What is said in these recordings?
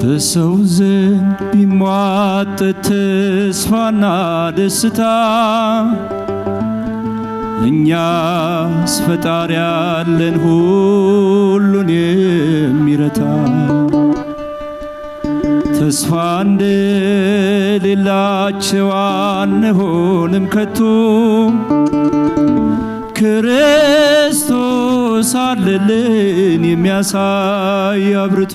በሰው ዘንድ ቢሟጠት ተስፋና ደስታ እኛስ ፈጣሪ ያለን ሁሉን የሚረታ ተስፋ እንደሌላቸው አንሆንም ከቶ ክርስቶስ አለልን የሚያሳይ አብርቶ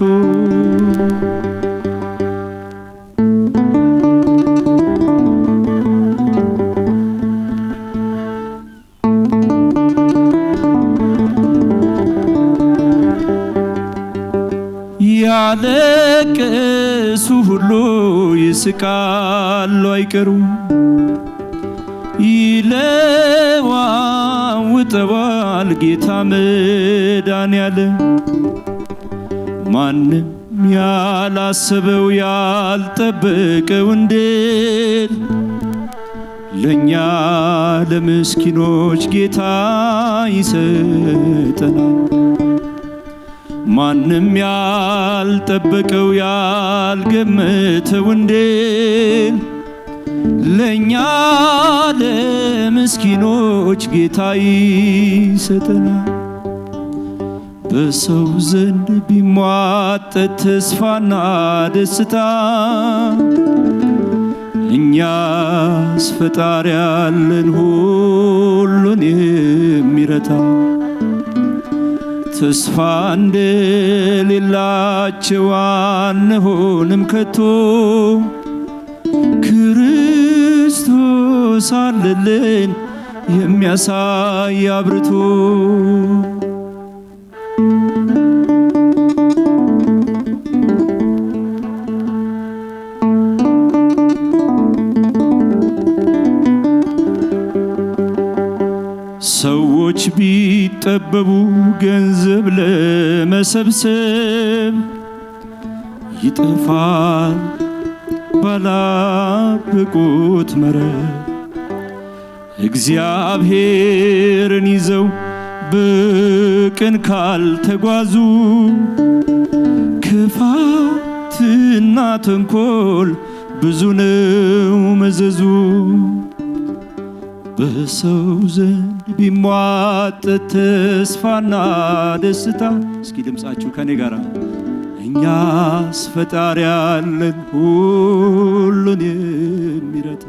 ያለቀሱ ሁሉ ይስቃሉ አይቀሩም። ይሰጠዋል ጌታ መዳን ያለ ማንም ያላሰበው ያልጠበቀው እንዴት ለእኛ ለምስኪኖች ጌታ ይሰጠናል። ማንም ያልጠበቀው ያልገመተው እንዴት ለእኛ ለምስኪኖች ጌታ ይሰጠናል። በሰው ዘንድ ቢሟጠት ተስፋና ደስታ እኛስ ፈጣሪ ያለን ሁሉን የሚረታ ተስፋ እንደሌላቸው አንሆንም ከቶ ክር ሳልልን የሚያሳይ አብርቱ ሰዎች ቢጠበቡ ገንዘብ ለመሰብሰብ ይጠፋል ባላበቁት መረብ እግዚአብሔርን ይዘው በቅን ካልተጓዙ ክፋትና ተንኮል ብዙ ነው መዘዙ። በሰው ዘንድ ቢሟጠት ተስፋና ደስታ፣ እስኪ ድምፃችሁ ከኔ ጋር እኛስ ፈጣሪ ያለን ሁሉን የሚረታ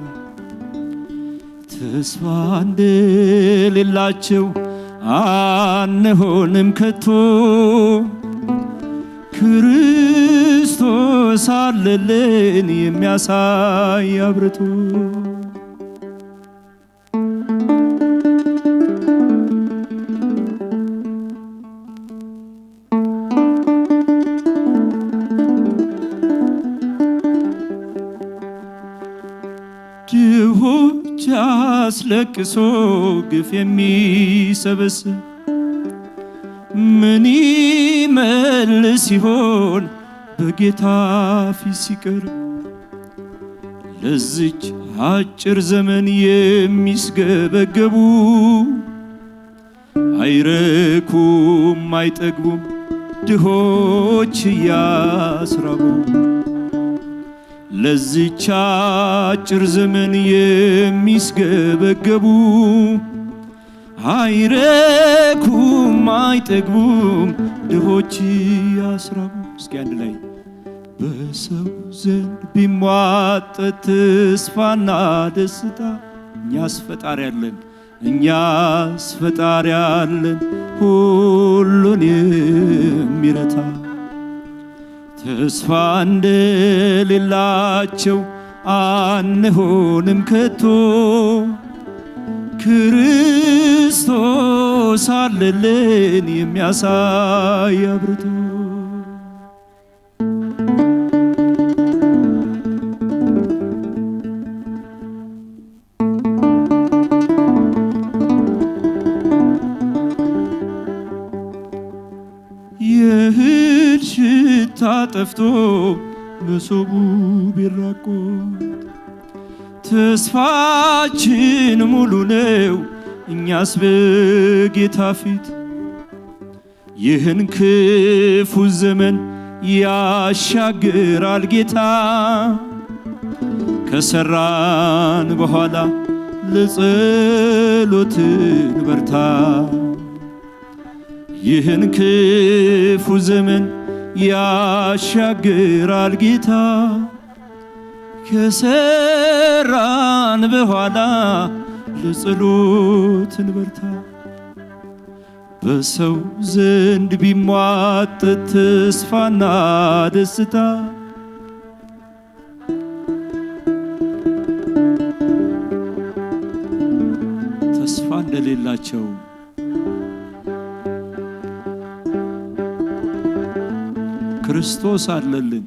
ተስፋ እንደሌላቸው አንሆንም ከቶ ክርስቶስ አለልን የሚያሳይ አብርቱ ጃ አስለቅሶ ግፍ የሚሰበስብ ምን ይመልስ ሲሆን በጌታ ፊት ሲቀርብ ለዚች አጭር ዘመን የሚስገበገቡ አይረኩም አይጠግቡም ድሆች እያስራቡ ለዚች አጭር ዘመን የሚስገበገቡ አይረኩም አይጠግቡም ድሆች ያስራቡ። እስኪ አንድ ላይ በሰው ዘንድ ቢሟጠት ተስፋና ደስታ እኛስ ፈጣሪ አለን እኛስ ፈጣሪ ያለን ሁሉን የሚረታ ተስፋ እንደሌላቸው አንሆንም ከቶ ክርስቶስ አለልን የሚያሳይ አብርቶ ጠፍቶ መሶቡ ቢራቆት ተስፋችን ሙሉ ነው እኛስ በጌታ ፊት ይህን ክፉ ዘመን ያሻግራል ጌታ ከሰራን በኋላ ለጸሎት በርታ ይህን ክፉ ዘመን ያሻግራል ጌታ ከሰራን በኋላ ለጸሎት እንበርታ። በሰው ዘንድ ቢሟጠት ተስፋና ደስታ ተስፋ እንደሌላቸው ክርስቶስ አለልን።